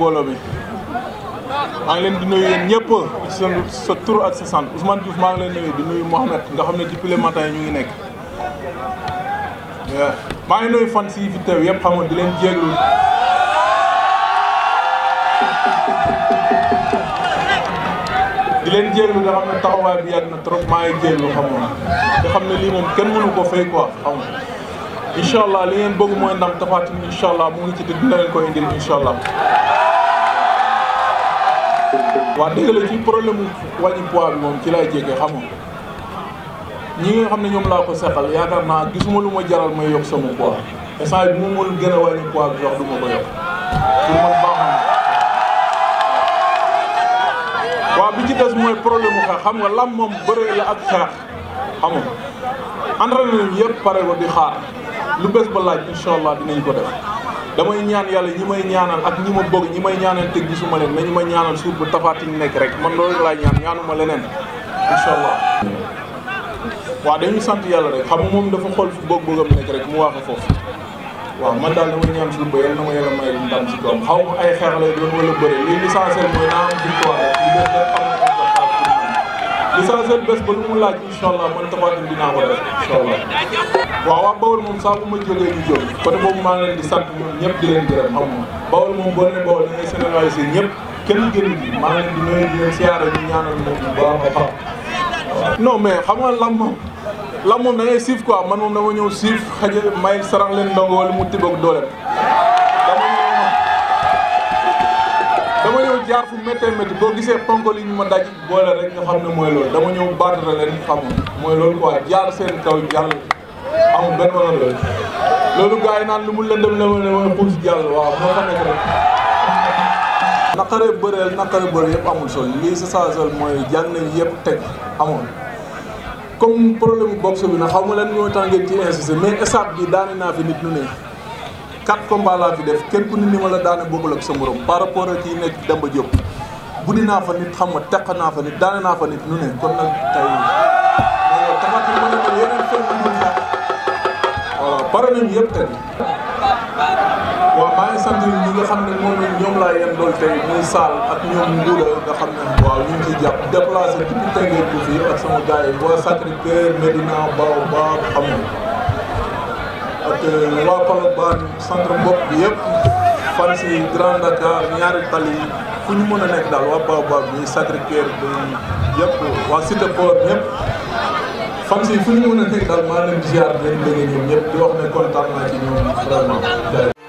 booloo bi maa ngi leen di nuyu yéen sa tur ak sa sant Ousmane Diouf maa ngi leen nuyu di nuyu Mohamed nga xam ne depuis le matin ñu ngi nekk. maa ngi nuyu fan si fi teew yëpp di leen jégalu di leen jégalu nga xam ne taxawaay bi yàgg na trop maa ngi jégalu xam nga nga xam ne lii moom kenn mënu ko fay quoi xam nga. li ngeen bëgg mooy ndax Tapha Tine incha mu ngi ci dëgg ne leen ko indil incha waaw dëgg la ci problème mu wàññi poids bi moom ci laay jéggee xam nga ñi nga xam ne ñoom laa ko seqal yaakaar naa gisuma lu ma jaral may yokk sama poids instant bi moom moo gën a wàññi poids bi bi ci des mooy problème mu xam nga lam moom bëre la ak xeex xam nga entraînement yëpp pare ko di xaar lu bés ba laaj incha allah dinañ ko def damay ñaan yàlla ñi may ñaanal ak ñi ma bëgg ñi may ñaanal te gisuma leen nañu ma ñaanal suur bu tafaatin nekk rek man loolu laay ñaan ñaanuma leneen incha allah. waaw dañuy sant yàlla rek xam nga moom dafa xool fu bëgg-bëggam nekk rek mu wax foofu waaw man daal damay ñaan suur ba yàlla na ma yàlla may ndam si doom xaw ma ay xeex lay doon wala bëre li l'essentiel mooy naa am victoire rek l'essentiel bés ba lu mu laaj incha allah man Tapha Tine dinaa ko def incha allah waaw waaw Bawol moom saa bu ma jógee ñu jóg côté boobu maa ngi leen di sant ñoom ñëpp di leen gërëm xam nga Bawol moom boo nee Bawol da ngay généraliser ñëpp kenn gënu ji maa ngi leen di nuyu di leen ñaanal moom bu baax a no non mais xam nga lam moom lam moom da ngay siif quoi man moom dama ñëw siif xaja may sarax leen ndongo wala mu tibb ak dooleem jaar fu méttee métti boo gisee ponkal li ñu ma daj boole rek nga xam ne mooy loolu dama ñëw battre leen xam mooy loolu quoi jaar seen kaw jàll amul benn wala loolu loolu gars yi naan lu mu lëndëm la ma ne mooy puus jàll waaw moo xam ne rek. naqare bëreel naqare bëreel yëpp amul sol lii sa saa sol mooy jàng nañ yëpp teg amoon. comme problème boxe bi na xaw ma lan ñoo tàngee ci insisté mais étape bi daane naa fi nit ñu ne. quatre combats laa fi def kenn ku ne ni ma daane bokkul ak sa morom par rapport ak kii nekk Demba Diop buddi naa fa nit xam nga teq naa fa nit daane naa fa nit nu ne kon nag tey ko yeneen fenn ñu waaw pare nañu yëpp tey waaw maa ngi sant ñi nga xam ne moom la ñoom laa yem dool tey muy Sall ak ñoom Nguura nga xam ne waaw ñu ngi ciy jàpp déplacé depuis Tëngéej bi fii ak sama gars yi waa Sacré-Cœur Medina Baobab xam nga ak euh, waa Colobane centre bopp bi yëpp fan si Grand Dakar ñaari tali fu ñu mën a nekk daal waa Baobab bi Sacré-Cœur bi yëpp waa Cité Port ñëpp fan si fu ñu mën a nekk daal maa leen ziar leen bëgg ñoom ñëpp di wax ne kontaan naa ci ñoom vraiment.